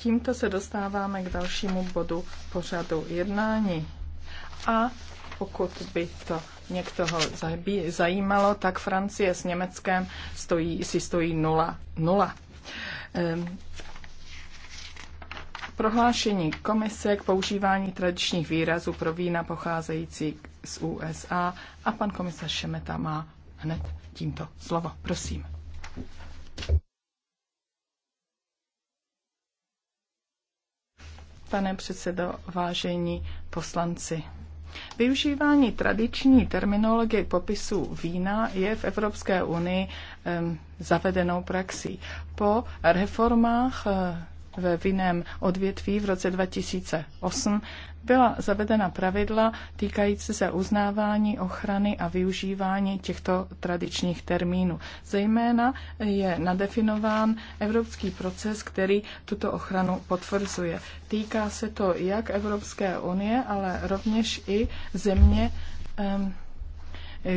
Tímto se dostáváme k dalšímu bodu pořadu jednání. A pokud by to někoho zajímalo, tak Francie s Německem stojí, si stojí 0-0. Ehm, prohlášení komise k používání tradičních výrazů pro vína pocházející z USA a pan komisař Šemeta má hned tímto slovo. Prosím. pane předsedo, vážení poslanci. Využívání tradiční terminologie popisu vína je v Evropské unii um, zavedenou praxí. Po reformách uh, ve vinném odvětví v roce 2008 byla zavedena pravidla týkající se uznávání, ochrany a využívání těchto tradičních termínů. Zejména je nadefinován evropský proces, který tuto ochranu potvrzuje. Týká se to jak Evropské unie, ale rovněž i země,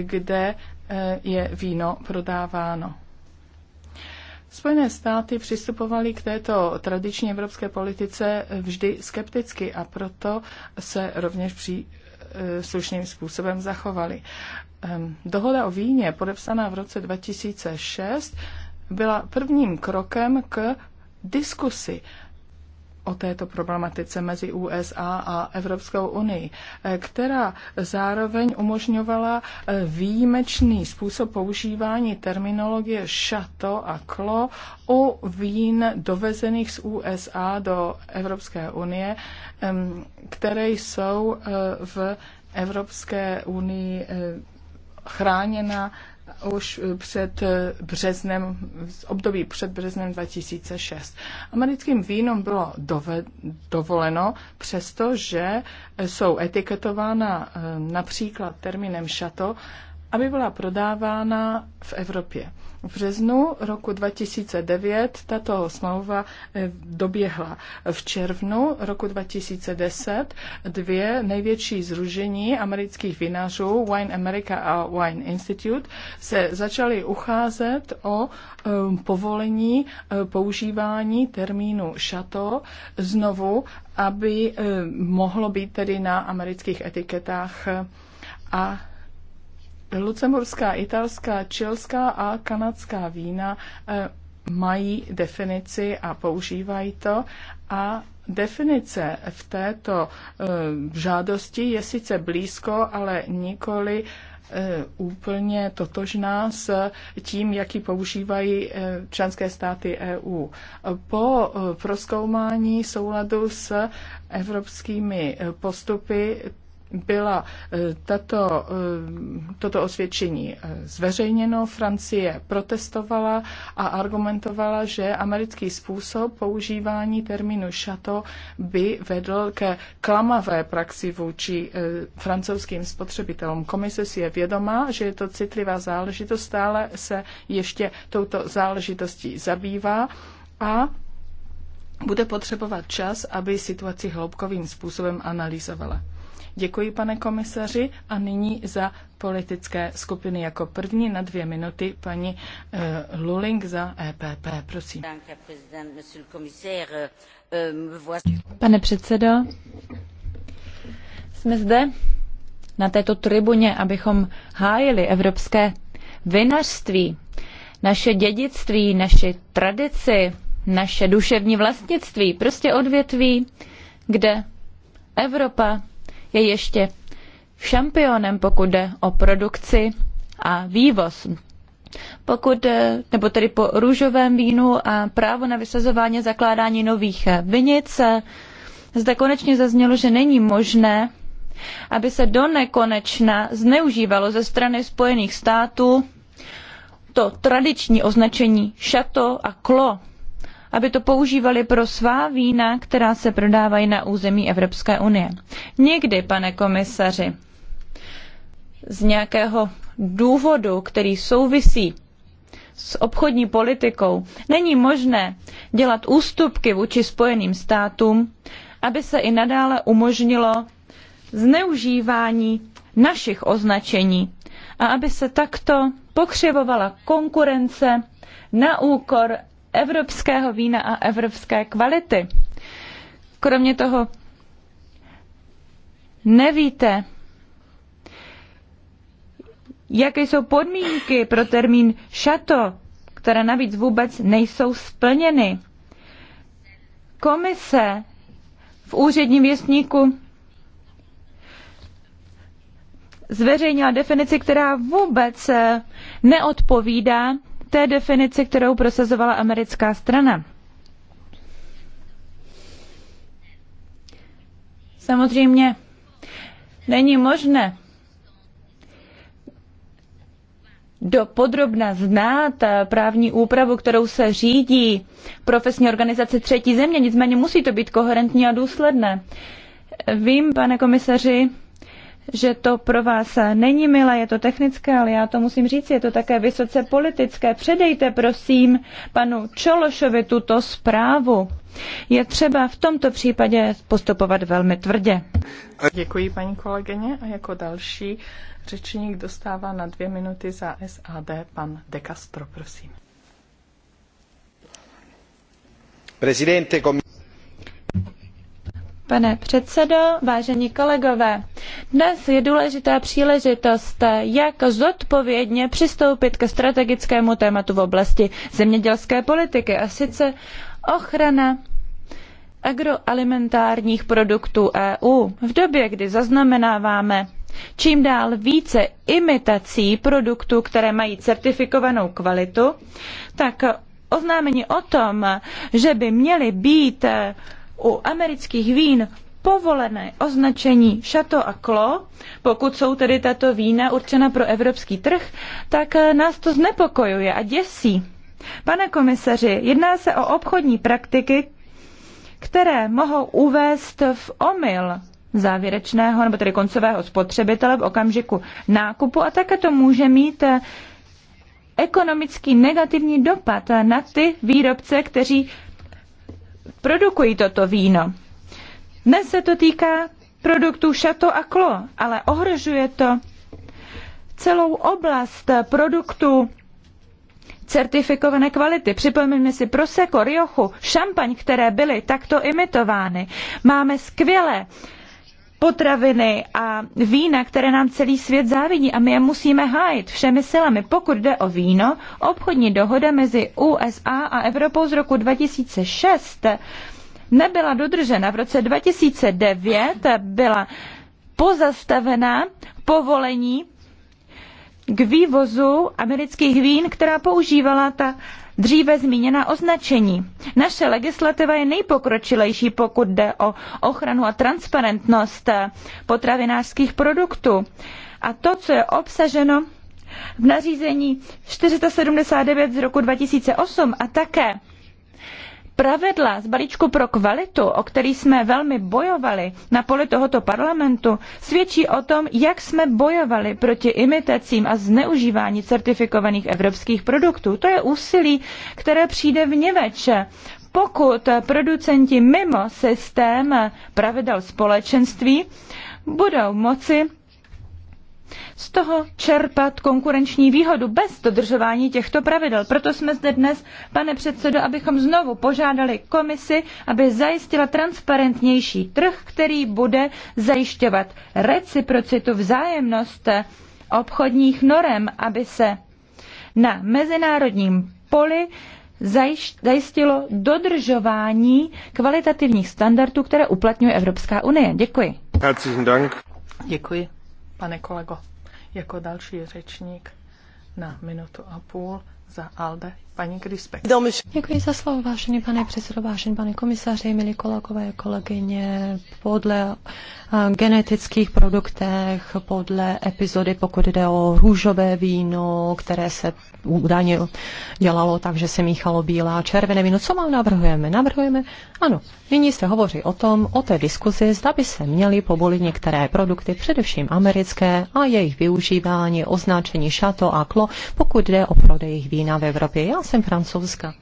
kde eh, je víno prodáváno. Spojené státy přistupovaly k této tradiční evropské politice vždy skepticky a proto se rovněž při eh, slušným způsobem zachovali. Ehm, dohoda o víně, podepsaná v roce 2006, byla prvním krokem k diskusi o této problematice mezi USA a Evropskou unii, eh, která zároveň umožňovala eh, výjimečný způsob používání terminologie šato a klo u vín dovezených z USA do Evropské unie, které jsou eh, v Evropské unii chráněna už před březnem, z období před březnem 2006. Americkým vínům bylo dove, dovoleno, přestože jsou etiketována eh, například termínem šato aby byla prodávána v Evropě. V březnu roku 2009 tato smlouva eh, doběhla. V červnu roku 2010 dvě největší zružení amerických vinařů, Wine America a Wine Institute, se začaly ucházet o eh, povolení eh, používání termínu šato znovu, aby mohlo být tedy na amerických etiketách a Lucemburská, italská, čilská a kanadská vína eh, mají definici a používají to a definice v této eh, žádosti je sice blízko, ale nikoli eh, úplně totožná s tím, jaký používají členské státy EU. Po proskoumání souladu s evropskými postupy byla eh, tato, eh, toto osvědčení eh, zveřejněno, Francie protestovala a argumentovala, že americký způsob používání termínu šato by vedl ke klamavé praxi vůči francouzským spotřebitelům. Komise si je vědomá, že je to citlivá záležitost, stále se ještě touto záležitostí zabývá a bude potřebovat čas, aby situaci hloubkovým způsobem analyzovala. Děkuji, pane komisaři, a nyní za politické skupiny jako první na dvě minuty paní uh, Luling za EPP. Prosím. Pane předsedo, jsme zde na této tribuně, abychom hájili evropské vinařství, naše dědictví, naši tradici, naše duševní vlastnictví, prostě odvětví, kde Evropa je ještě šampionem, pokud jde o produkci a vývoz. Pokud, eh, nebo tedy po růžovém vínu a právo na vysazování zakládání nových eh, vinic, eh, zde konečně zaznělo, že není možné, aby se do nekonečna zneužívalo ze strany Spojených států to tradiční označení šato a klo aby to používali pro svá vína, která se prodávají na území Evropské unie. Někdy, pane komisaři, z nějakého důvodu, který souvisí s obchodní politikou, není možné dělat ústupky vůči Spojeným státům, aby se i nadále umožnilo zneužívání našich označení a aby se takto pokřivovala konkurence na úkor evropského vína a evropské kvality. Kromě toho nevíte, jaké jsou podmínky pro termín šato, které navíc vůbec nejsou splněny. Komise v úředním věstníku zveřejnila definici, která vůbec neodpovídá té definici, kterou prosazovala americká strana. Samozřejmě není možné do podrobna znát eh, právní úpravu, kterou se řídí profesní organizace třetí země, nicméně musí to být koherentní a důsledné. Vím, pane komisaři, že to pro vás není milé, je to technické, ale já to musím říct, je to také vysoce politické. Předejte prosím panu Čološovi tuto zprávu. Je třeba v tomto případě postupovat velmi tvrdě. Děkuji paní kolegyně a jako další řečník dostává na dvě minuty za SAD pan De Castro, prosím. Prezidente, komis- Pane předsedo, vážení kolegové, dnes je důležitá příležitost, jak zodpovědně přistoupit ke strategickému tématu v oblasti zemědělské politiky, a sice ochrana agroalimentárních produktů EU. V době, kdy zaznamenáváme čím dál více imitací produktů, které mají certifikovanou kvalitu, tak oznámení o tom, že by měly být u amerických vín povolené označení šato a klo, pokud jsou tedy tato vína určena pro evropský trh, tak eh, nás to znepokojuje a děsí. Pane komisaři, jedná se o obchodní praktiky, které mohou uvést v omyl závěrečného nebo tedy koncového spotřebitele v okamžiku nákupu a také to může mít eh, ekonomický negativní dopad na ty výrobce, kteří produkují toto víno. Dnes se to týká produktů šato a klo, ale ohrožuje to celou oblast produktů certifikované kvality. Připomeňme si Prosecco, Riochu, šampaň, které byly takto imitovány. Máme skvělé uh, potraviny a vína, které nám celý svět závidí a my je musíme hájit všemi silami. Pokud jde o víno, obchodní dohoda mezi USA a Evropou z roku 2006 nebyla dodržena. V roce 2009 byla pozastavena povolení k vývozu amerických vín, která používala ta dříve zmíněná označení. Naše legislativa je nejpokročilejší, pokud jde o ochranu a transparentnost potravinářských produktů. A to, co je obsaženo v nařízení 479 z roku 2008 a také pravidla z balíčku pro kvalitu, o který jsme velmi bojovali na poli tohoto parlamentu, svědčí o tom, jak jsme bojovali proti imitacím a zneužívání certifikovaných evropských produktů. To je úsilí, které přijde v něveče, pokud producenti mimo systém pravidel společenství budou moci z toho čerpat konkurenční výhodu bez dodržování těchto pravidel. Proto jsme zde dnes, pane předsedo, abychom znovu požádali komisi, aby zajistila transparentnější trh, který bude zajišťovat reciprocitu vzájemnost obchodních norem, aby se na mezinárodním poli zajistilo dodržování kvalitativních standardů, které uplatňuje Evropská unie. Děkuji. Herzlichen Dank. Děkuji pane kolego. Jako další řečník na minutu a půl za ALDE paní Krispek. Děkuji za slovo, vážený pane předsedo, vážený pane komisaři, milí kolegové, kolegyně. Podle genetických produktech, podle epizody, pokud jde o růžové víno, které se údajně dělalo tak, že se míchalo bílá a červené víno. Co mám navrhujeme? Navrhujeme, ano, nyní se hovoří o tom, o té diskuzi, zda by se měly povolit některé produkty, především americké, a jejich využívání, označení šato a klo, pokud jde o prodej vína v Evropě. Já jsem francouzka.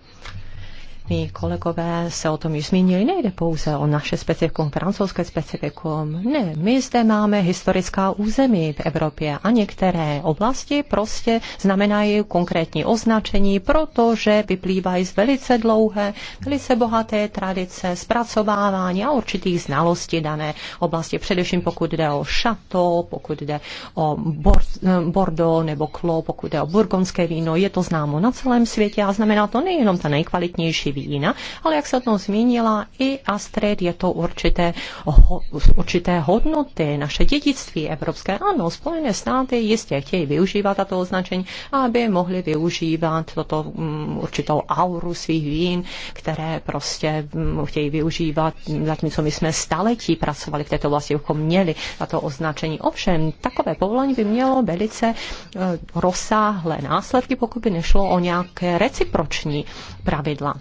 Mí kolegové se o tom již zmínili, nejde pouze o naše specifikum, francouzské specifikum. Ne, my zde máme historická území v Evropě a některé oblasti prostě znamenají konkrétní označení, protože vyplývají z velice dlouhé, velice bohaté tradice zpracovávání a určitých znalostí dané oblasti, především pokud jde o šato, pokud jde o Bordeaux nebo Klo, pokud jde o burgonské víno, je to známo na celém světě a znamená to nejenom ta nejkvalitnější víno, jiná, ale jak se to zmínila i Astrid, je to určité, ho, určité hodnoty, naše dědictví evropské. Ano, Spojené státy jistě chtějí využívat tato označení, aby mohli využívat toto um, určitou auru svých vín, které prostě um, chtějí využívat, zatímco my jsme staletí pracovali v této vlasti, jako měli tato označení. Ovšem, takové povolání by mělo velice uh, rozsáhlé následky, pokud by nešlo o nějaké reciproční pravidla.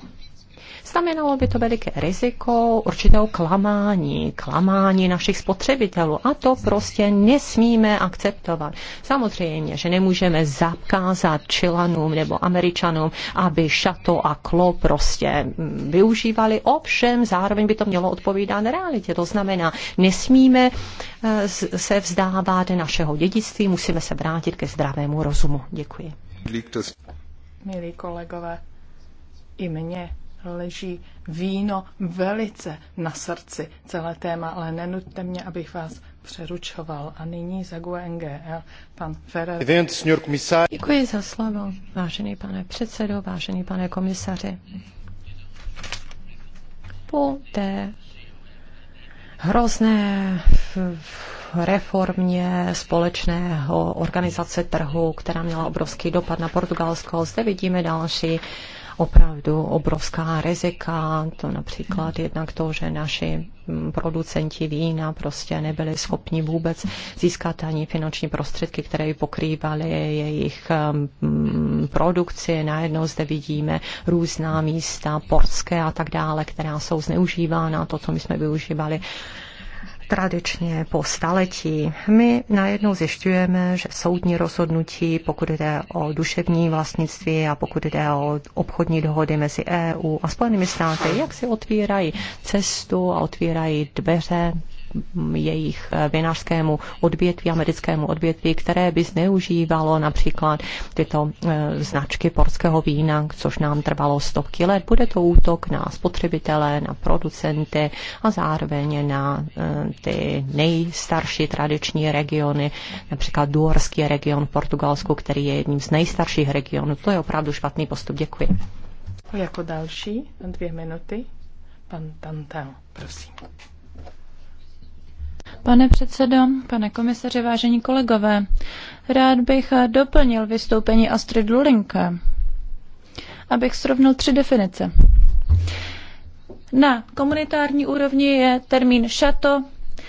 Znamenalo by to veliké riziko určitého klamání, klamání našich spotřebitelů a to prostě nesmíme akceptovat. Samozřejmě, že nemůžeme zakázat Čilanům nebo Američanům, aby šato a klo prostě mm, využívali, ovšem zároveň by to mělo odpovídat realitě. To znamená, nesmíme eh, se vzdávat našeho dědictví, musíme se vrátit ke zdravému rozumu. Děkuji. Milí kolegové, i mě leží víno velice na srdci celé téma, ale nenuďte mě, abych vás přeručoval. A nyní za GUNGL pan Ferrer. Děkuji za slovo, vážený pane předsedo, vážený pane komisaři. Po té hrozné reformě společného organizace trhu, která měla obrovský dopad na Portugalsko. Zde vidíme další opravdu obrovská rizika, to například jednak to, že naši producenti vína prostě nebyli schopni vůbec získat ani finanční prostředky, které by pokrývaly jejich mm, produkci. Najednou zde vidíme různá místa, portské a tak dále, která jsou zneužívána, to, co my jsme využívali tradičně po staletí. My najednou zjišťujeme, že soudní rozhodnutí, pokud jde o duševní vlastnictví a pokud jde o obchodní dohody mezi EU a Spojenými státy, jak si otvírají cestu a otvírají dveře jejich eh, vinařskému odvětví, americkému odvětví, které by zneužívalo například tyto eh, značky porského vína, což nám trvalo stovky let. Bude to útok na spotřebitele, na producenty a zároveň na eh, ty nejstarší tradiční regiony, například Duorský region v Portugalsku, který je jedním z nejstarších regionů. To je opravdu špatný postup. Děkuji. Jako další dvě minuty pan Tantel, prosím. Pane předsedo, pane komisaři, vážení kolegové, rád bych doplnil vystoupení Astrid Luling, abych srovnal tři definice. Na komunitární úrovni je termín šato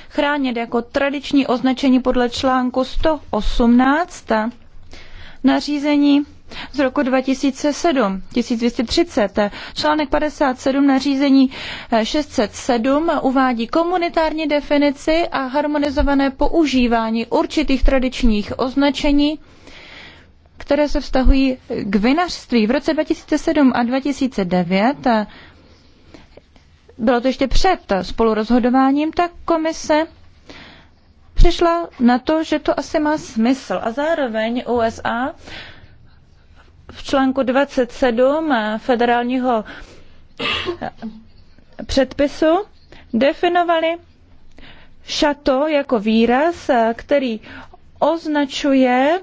chráněn jako tradiční označení podle článku 118 nařízení z roku 2007, 1230. Článek 57 nařízení 607 uvádí komunitární definici a harmonizované používání určitých tradičních označení které se vztahují k vinařství. V roce 2007 a 2009 bylo to ještě před spolurozhodováním, tak komise přišla na to, že to asi má smysl. A zároveň USA v článku 27 eh, federálního eh, předpisu definovali šato jako výraz, eh, který označuje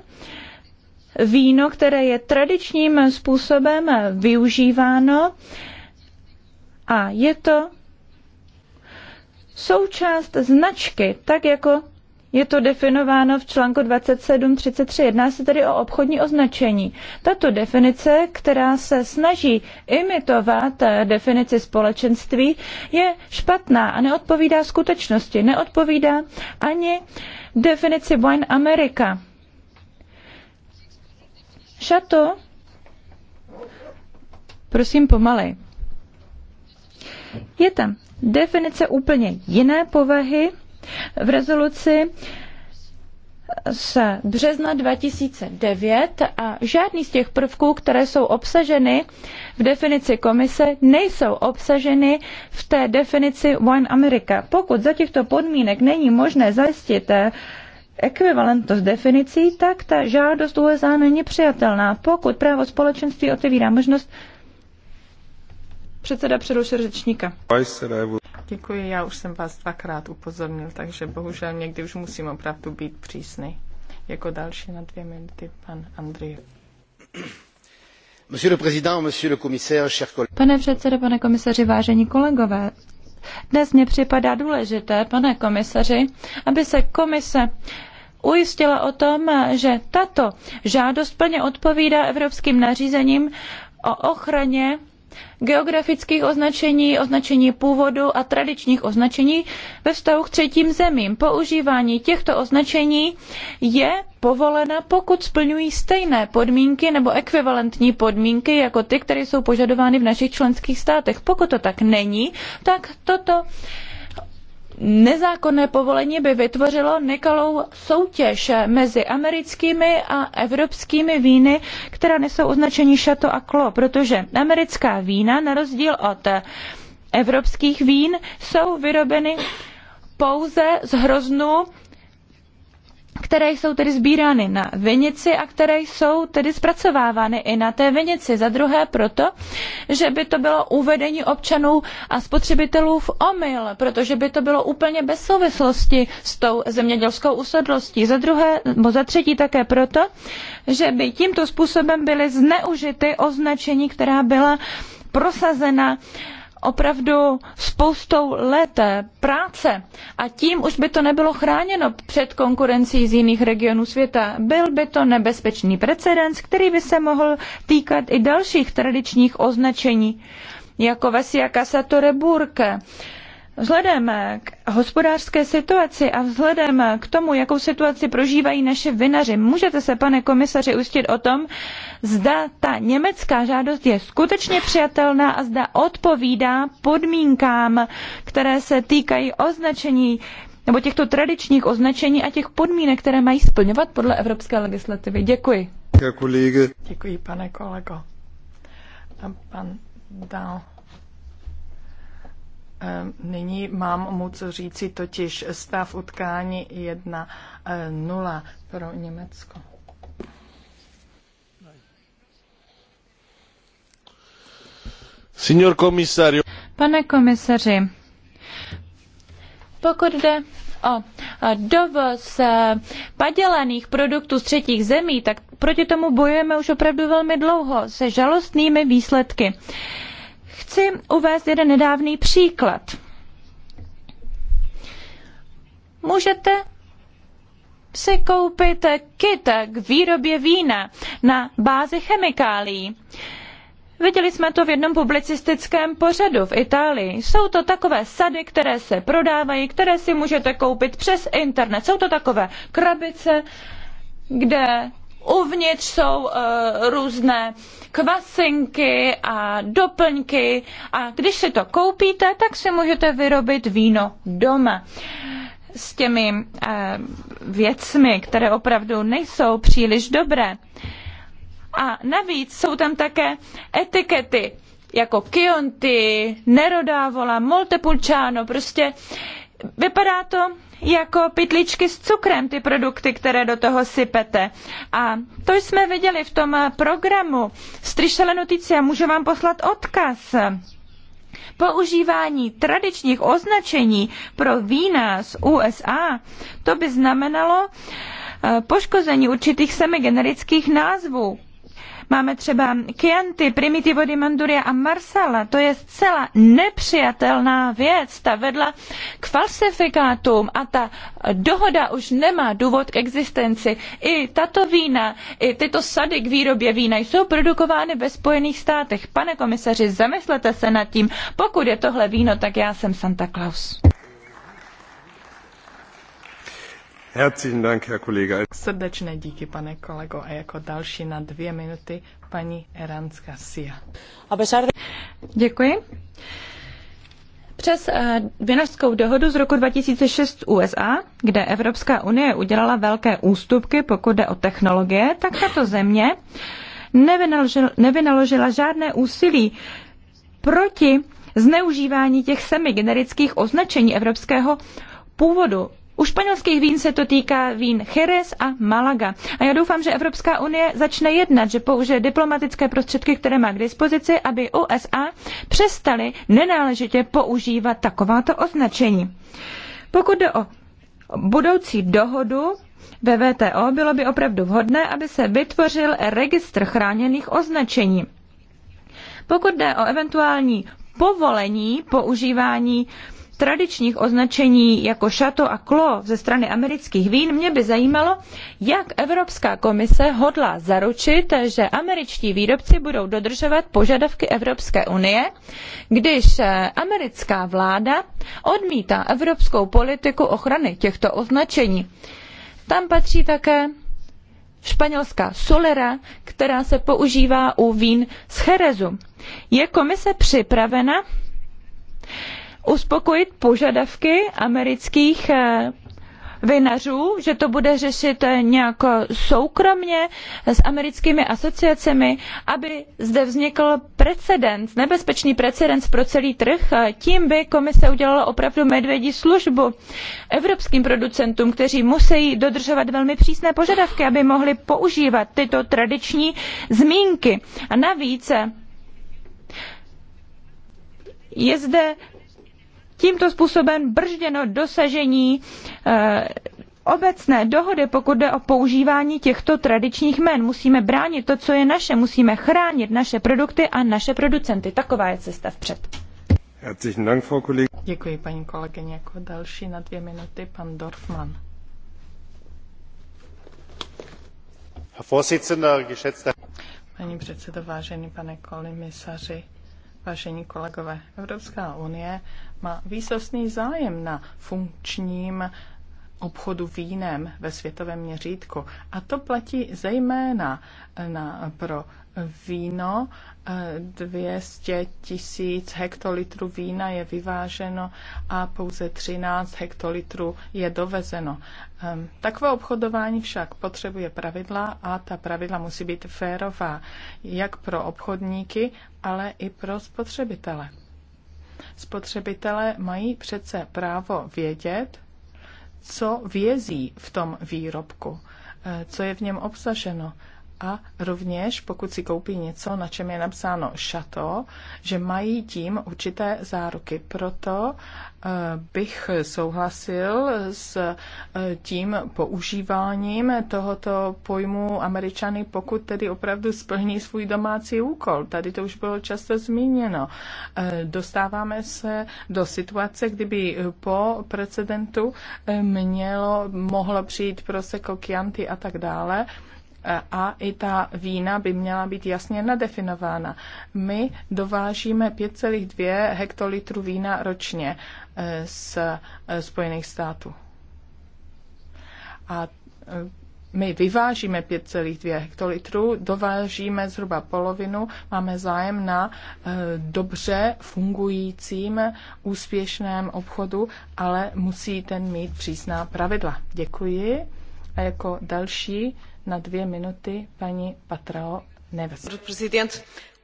víno, které je tradičním způsobem využíváno a je to součást značky, tak jako je to definováno v článku 27.33. Jedná se tedy o obchodní označení. Tato definice, která se snaží imitovat eh, definici společenství, je špatná a neodpovídá skutečnosti. Neodpovídá ani definici Wine America. Šato, prosím pomalej. Je tam definice úplně jiné povahy, v rezoluci z března 2009 a žádný z těch prvků, které jsou obsaženy v definici komise, nejsou obsaženy v té definici One America. Pokud za těchto podmínek není možné zajistit eh, ekvivalentnost definicí, tak ta žádost USA není přijatelná. Pokud právo společenství otevírá možnost předseda přerušil řečníka. Děkuji, já už jsem vás dvakrát upozornil, takže bohužel někdy už musím opravdu být přísný. Jako další na dvě minuty pan Andrej. Pane předsedo, pane komisaři, vážení kolegové, dnes mě připadá důležité, pane komisaři, aby se komise ujistila o tom, že tato žádost plně odpovídá evropským nařízením o ochraně geografických označení, označení původu a tradičních označení ve vztahu k třetím zemím. Používání těchto označení je povolena, pokud splňují stejné podmínky nebo ekvivalentní podmínky jako ty, které jsou požadovány v našich členských státech. Pokud to tak není, tak toto nezákonné povolení by vytvořilo nekalou soutěž mezi americkými a evropskými víny, která nesou označení Chateau a Clos, protože americká vína, na rozdíl od evropských vín, jsou vyrobeny pouze z hroznů které jsou tedy sbírány na vinici a které jsou tedy zpracovávány i na té vinici. Za druhé proto, že by to bylo uvedení občanů a spotřebitelů v omyl, protože by to bylo úplně bez souvislosti s tou zemědělskou usedlostí. Za druhé, nebo za třetí také proto, že by tímto způsobem byly zneužity označení, která byla prosazena uh, opravdu spoustou let eh, práce a tím už by to nebylo chráněno před konkurencí z jiných regionů světa. Byl by to nebezpečný precedens, který by se mohl týkat i dalších tradičních označení, jako Vesia Casatore Burke. Vzhledem k hospodářské situaci a vzhledem k tomu, jakou situaci prožívají naše vinaři, můžete se, pane komisaři, ujistit o tom, zda ta německá žádost je skutečně přijatelná a zda odpovídá podmínkám, které se týkají označení nebo těchto tradičních označení a těch podmínek, které mají splňovat podle evropské legislativy. Děkuji. Děkuji, pane kolego. A pan dal. Eh, nyní mám moc říci, totiž stav utkání 1-0 eh, pro Německo. Signor komisario. Pane komisaři, pokud jde o eh, dovoz padělaných produktů z třetích zemí, tak proti tomu bojujeme už opravdu velmi dlouho se žalostnými výsledky. Chci uvést jeden nedávný příklad. Můžete si koupit kit k výrobě vína na bázi chemikálií. Viděli jsme to v jednom publicistickém pořadu v Itálii. Jsou to takové sady, které se prodávají, které si můžete koupit přes internet. Jsou to takové krabice, kde Uvnitř jsou eh, různé kvasinky a doplňky a když si to koupíte, tak si můžete vyrobit víno doma s těmi eh, věcmi, které opravdu nejsou příliš dobré. A navíc jsou tam také etikety jako Chianti, Nerodávola, Montepulciano, prostě uh, Vypadá to jako pytličky s cukrem, ty produkty, které do toho sypete. A to jsme viděli v tom programu Strišele Noticia. Můžu vám poslat odkaz. Používání tradičních označení pro vína z USA, to by znamenalo eh, poškození určitých semigenerických názvů, Máme třeba Chianti, Primitivo di Manduria a Marsala. To je zcela nepřijatelná věc. Ta vedla k falsifikátům a ta dohoda už nemá důvod k existenci. I tato vína, i tyto sady k výrobě vína jsou produkovány ve Spojených státech. Pane komisaři, zamyslete se nad tím. Pokud je tohle víno, tak já jsem Santa Claus. Herzlichen Dank, Herr Kollege. Srdečné díky, pane kolego. A jako další na dvě minuty paní Erans Sia. Děkuji. Přes eh, Vinařskou dohodu z roku 2006 USA, kde Evropská unie udělala velké ústupky, pokud jde o technologie, tak tato země nevynaložila, nevynaložila žádné úsilí proti zneužívání těch semigenerických označení evropského původu. U španělských vín se to týká vín Jerez a Malaga. A já doufám, že Evropská unie začne jednat, že použije diplomatické prostředky, které má k dispozici, aby USA přestali nenáležitě používat takováto označení. Pokud jde o budoucí dohodu ve VTO, bylo by opravdu vhodné, aby se vytvořil registr chráněných označení. Pokud jde o eventuální povolení používání tradičních označení jako šato a klo ze strany amerických vín, mě by zajímalo, jak Evropská komise hodlá zaručit, že američtí výrobci budou dodržovat požadavky Evropské unie, když eh, americká vláda odmítá evropskou politiku ochrany těchto označení. Tam patří také španělská solera, která se používá u vín z Cherezu. Je komise připravena uspokojit požadavky amerických eh, vinařů, že to bude řešit eh, nějak soukromně s americkými asociacemi, aby zde vznikl precedens, nebezpečný precedens pro celý trh. Tím by komise udělala opravdu medvědí službu evropským producentům, kteří musí dodržovat velmi přísné požadavky, aby mohli používat tyto tradiční zmínky. A navíc eh, je zde tímto způsobem bržděno dosažení eh, obecné dohody, pokud jde o používání těchto tradičních men. Musíme bránit to, co je naše, musíme chránit naše produkty a naše producenty. Taková je cesta vpřed. Děkuji, paní kolegyně. Jako další na dvě minuty pan Dorfman. Paní předsedo, vážený pane komisaři, vážení kolegové. Evropská unie má výsostný zájem na funkčním obchodu vínem ve světovém měřítku. A to platí zejména na, pro víno. 200 tisíc hektolitrů vína je vyváženo a pouze 13 hektolitrů je dovezeno. Ehm, Takové obchodování však potřebuje pravidla a ta pravidla musí být férová, jak pro obchodníky, ale i pro spotřebitele. Spotřebitelé mají přece právo vědět, co vězí v tom výrobku, eh, co je v něm obsaženo a rovněž, pokud si koupí něco, na čem je napsáno šato, že mají tím určité záruky. Proto eh, bych souhlasil s eh, tím používáním tohoto pojmu američany, pokud tedy opravdu splní svůj domácí úkol. Tady to už bylo často zmíněno. Eh, dostáváme se do situace, kdyby po precedentu mělo, mohlo přijít proseko kianty a tak dále a i ta vína by měla být jasně nadefinována. My dovážíme 5,2 hektolitru vína ročně eh, z eh, Spojených států. A eh, my vyvážíme 5,2 hektolitru. dovážíme zhruba polovinu, máme zájem na dobře fungujícím, úspěšném obchodu, ale musí ten mít přísná pravidla. Děkuji. A jako další na dvě minuty paní Patrao Neves.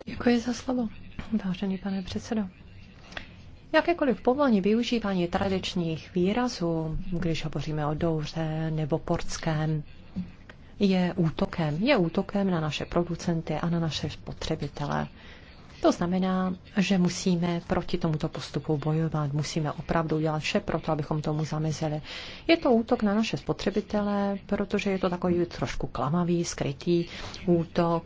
Děkuji za slovo, vážený pane předsedo. Jakékoliv povolení využívání tradičních výrazů, když hovoříme o douře nebo portském, je útokem. Je útokem na naše producenty a na naše spotřebitele. To znamená, že musíme proti tomuto postupu bojovat, musíme opravdu dělat vše pro to, abychom tomu zamezili. Je to útok na naše spotřebitele, protože je to takový trošku klamavý, skrytý útok.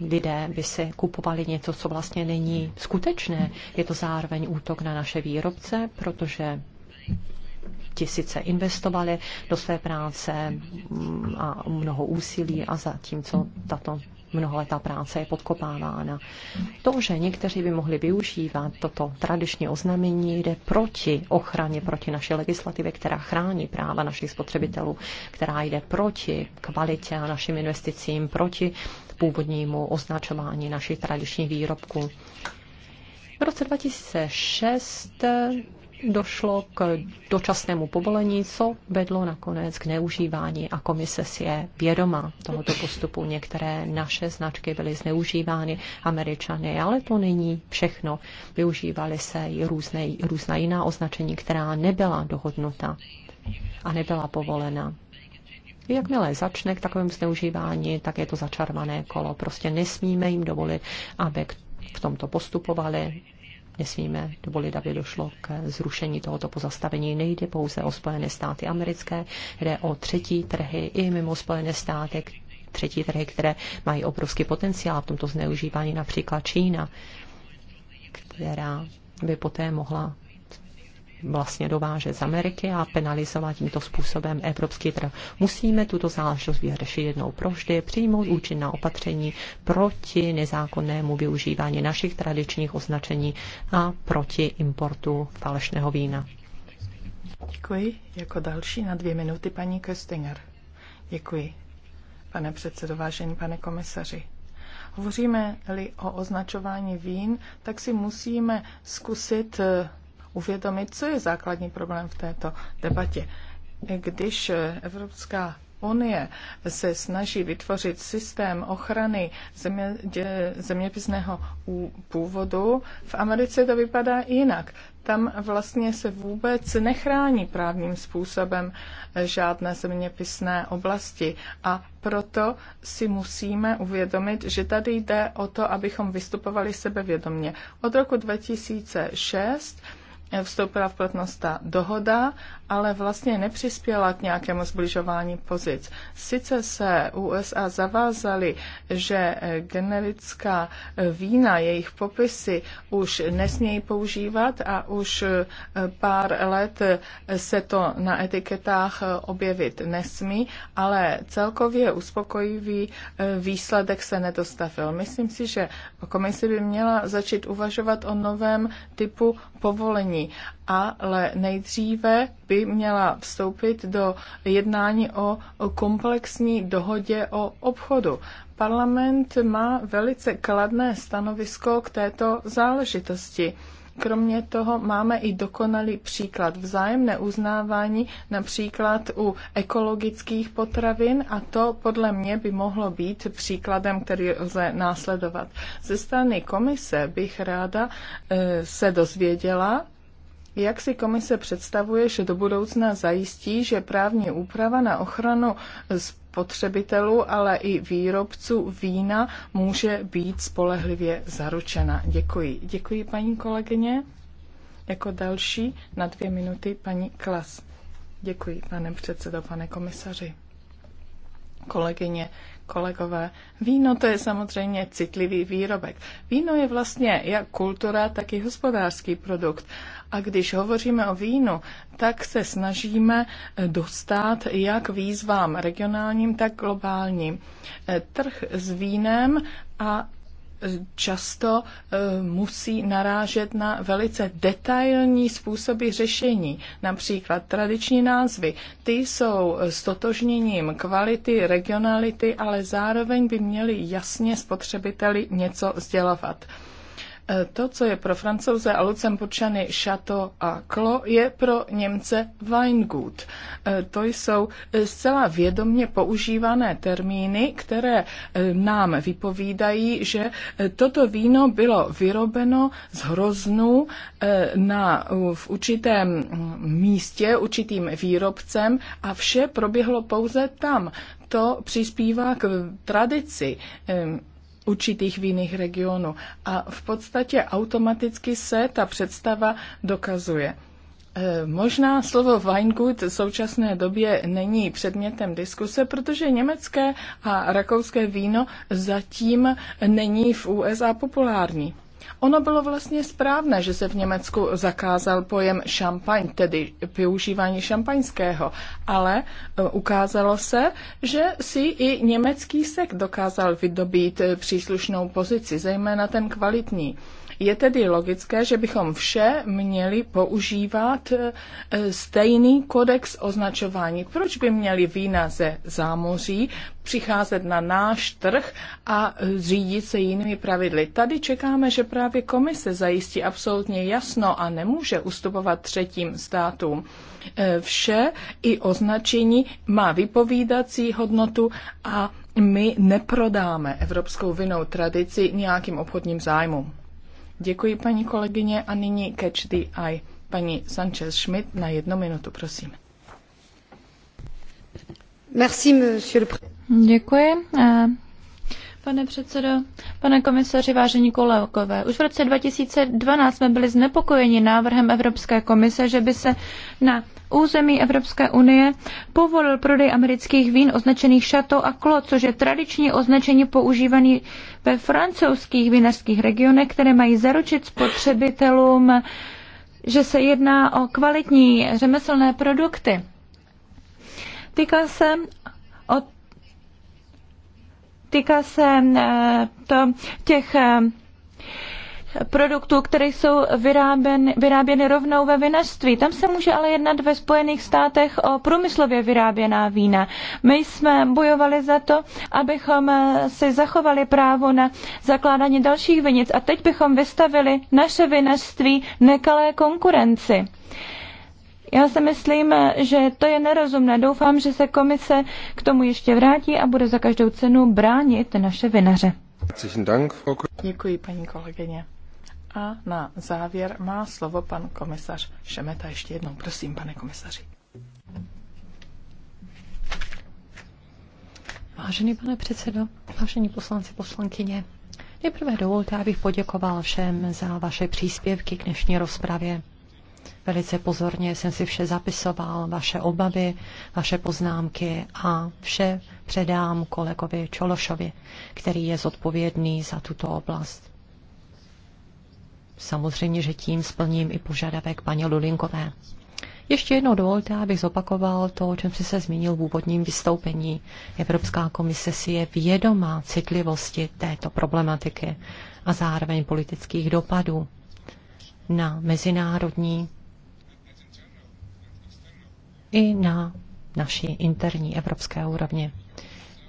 Lidé by si kupovali něco, co vlastně není skutečné. Je to zároveň útok na naše výrobce, protože ti sice investovali do své práce mm, a mnoho úsilí a zatímco tato mnoholetá práce je podkopávána. To, že někteří by mohli využívat toto tradiční oznámení, jde proti ochraně, proti naší legislativě, která chrání práva našich spotřebitelů, která jde proti kvalitě a našim investicím, proti původnímu označování našich tradičních výrobků. V roce 2006 došlo k dočasnému povolení, co vedlo nakonec k neužívání a komise si je vědoma tohoto postupu. Některé naše značky byly zneužívány američany, ale to není všechno. Využívaly se i různé, různá jiná označení, která nebyla dohodnuta a nebyla povolena. Jakmile začne k takovému zneužívání, tak je to začarvané kolo. Prostě nesmíme jim dovolit, aby k v tomto postupovali nesmíme dovolit, aby došlo k zrušení tohoto pozastavení. Nejde pouze o Spojené státy americké, jde o třetí trhy i mimo Spojené státy, třetí trhy, které mají obrovský potenciál v tomto zneužívání, například Čína, která by poté mohla vlastně dovážet z Ameriky a penalizovat tímto způsobem evropský trh. Musíme tuto záležitost vyřešit jednou proždy, přijmout účinná opatření proti nezákonnému využívání našich tradičních označení a proti importu falešného vína. Děkuji. Jako další na dvě minuty paní Köstinger. Děkuji. Pane předsedo, vážený pane komisaři, hovoříme-li o označování vín, tak si musíme zkusit eh, uvědomit, co je základní problém v této debatě. Když Evropská Unie se snaží vytvořit systém ochrany země, dě, zeměpisného původu, v Americe to vypadá jinak. Tam vlastně se vůbec nechrání právním způsobem žádné zeměpisné oblasti a proto si musíme uvědomit, že tady jde o to, abychom vystupovali sebevědomně. Od roku 2006 vstoupila v platnost ta dohoda, ale vlastně nepřispěla k nějakému zbližování pozic. Sice se USA zavázaly, že generická vína, jejich popisy už nesmějí používat a už pár let se to na etiketách objevit nesmí, ale celkově uspokojivý výsledek se nedostavil. Myslím si, že komise by měla začít uvažovat o novém typu povolení jednání, ale nejdříve by měla vstoupit do jednání o komplexní dohodě o obchodu. Parlament má velice kladné stanovisko k této záležitosti. Kromě toho máme i dokonalý příklad vzájemné uznávání, například u ekologických potravin a to podle mě by mohlo být příkladem, který lze následovat. Ze strany komise bych ráda eh, se dozvěděla, jak si komise představuje, že do budoucna zajistí, že právní úprava na ochranu spotřebitelů, ale i výrobců vína může být spolehlivě zaručena? Děkuji. Děkuji, paní kolegyně. Jako další na dvě minuty paní Klas. Děkuji, pane předsedo, pane komisaři. Kolegyně, kolegové. Víno to je samozřejmě citlivý výrobek. Víno je vlastně jak kultura, tak i hospodářský produkt. A když hovoříme o vínu, tak se snažíme eh, dostat jak výzvám regionálním, tak globálním. Eh, trh s vínem a často eh, musí narážet na velice detailní způsoby řešení, například tradiční názvy. Ty jsou stotožněním kvality, regionality, ale zároveň by měly jasně spotřebiteli něco sdělovat. To, co je pro francouze a lucemburčany šato a klo, je pro Němce Weingut. E, to jsou e, zcela vědomně používané termíny, které e, nám vypovídají, že toto víno bylo vyrobeno z hroznů na, v určitém mm, místě, určitým výrobcem a vše proběhlo pouze tam. To přispívá k tradici určitých v jiných regionů. A v podstatě automaticky se ta představa dokazuje. E, možná slovo Weingut v současné době není předmětem diskuse, protože německé a rakouské víno zatím není v USA populární. Ono bylo vlastně správné, že se v Německu zakázal pojem šampaň, tedy využívání šampaňského, ale e, ukázalo se, že si i německý sek dokázal vydobít e, příslušnou pozici, zejména ten kvalitní. Je tedy logické, že bychom vše měli používat e, stejný kodex označování. Proč by měli vína ze zámoří přicházet na náš trh a e, řídit se jinými pravidly? Tady čekáme, že právě komise zajistí absolutně jasno a nemůže ustupovat třetím státům. E, vše i označení má vypovídací hodnotu a my neprodáme evropskou vinou tradici nějakým obchodním zájmům. Děkuji, paní kolegyně, a nyní Catch the Eye. Paní Sanchez Schmidt na jednu minutu, prosím. Merci, monsieur le Děkuji. Eh, pane předsedo, pane komisaři, vážení kolegové, už v roce 2012 jsme byli znepokojeni návrhem Evropské komise, že by se na území Evropské unie povolil prodej amerických vín označených Chateau a Clos, což je tradiční označení používané ve francouzských vinařských regionech, které mají zaručit spotřebitelům, že se jedná o kvalitní řemeslné produkty. Týká se o Týká se eh, to těch eh, produktů, které jsou vyráběny, vyráběny rovnou ve vinařství. Tam se může ale jednat ve Spojených státech o průmyslově vyráběná vína. My jsme bojovali za to, abychom eh, si zachovali právo na zakládání dalších vinic a teď bychom vystavili naše vinařství nekalé konkurenci. Já si myslím, že to je nerozumné. Doufám, že se komise k tomu ještě vrátí a bude za každou cenu bránit naše vinaře. Děkuji, paní kolegyně. A na závěr má slovo pan komisař Šemeta ještě jednou. Prosím, pane komisaři. Vážený pane předsedo, vážení poslanci, poslankyně, nejprve dovolte, abych poděkoval všem za vaše příspěvky k dnešní rozpravě. Velice pozorně jsem si vše zapisoval, vaše obavy, vaše poznámky a vše předám kolegovi Čološovi, který je zodpovědný za tuto oblast samozřejmě, že tím splním i požadavek paní Lulinkové. Ještě jednou dovolte, abych zopakoval to, o čem jsi se zmínil v úvodním vystoupení. Evropská komise si je vědomá citlivosti této problematiky a zároveň politických dopadů na mezinárodní i na naší interní evropské úrovni.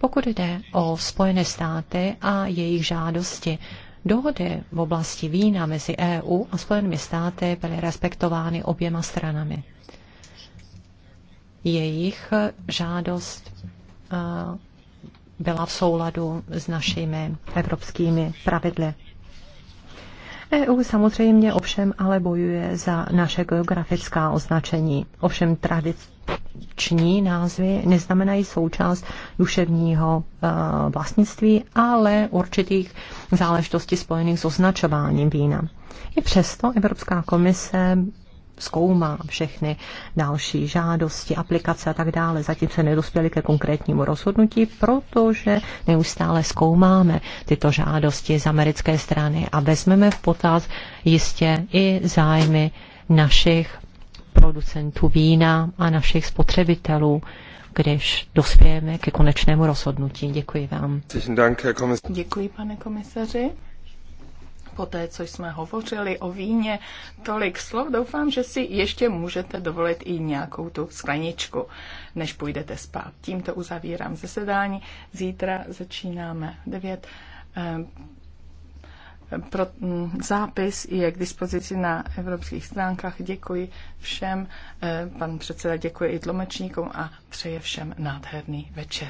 Pokud jde o Spojené státy a jejich žádosti Dohody v oblasti vína mezi EU a Spojenými státy byly respektovány oběma stranami. Jejich žádost eh, byla v souladu s našimi evropskými pravidly. EU samozřejmě ovšem ale bojuje za naše geografická označení. Ovšem tradic ční názvy neznamenají součást duševního eh, vlastnictví, ale určitých záležitostí spojených s označováním vína. I přesto Evropská komise zkoumá všechny další žádosti, aplikace a tak dále. Zatím se nedospěli ke konkrétnímu rozhodnutí, protože neustále zkoumáme tyto žádosti z americké strany a vezmeme v potaz jistě i zájmy našich producentů vína a našich spotřebitelů, když dospějeme ke konečnému rozhodnutí. Děkuji vám. Děkuji, pane komisaři. Po té, co jsme hovořili o víně, tolik slov, doufám, že si ještě můžete dovolit i nějakou tu skleničku, než půjdete spát. Tímto uzavírám zasedání. Zítra začínáme 9. Pro, mm, zápis je k dispozici na evropských stránkách. Děkuji všem. Eh, pan předseda děkuji i tlumočníkům a přeje všem nádherný večer.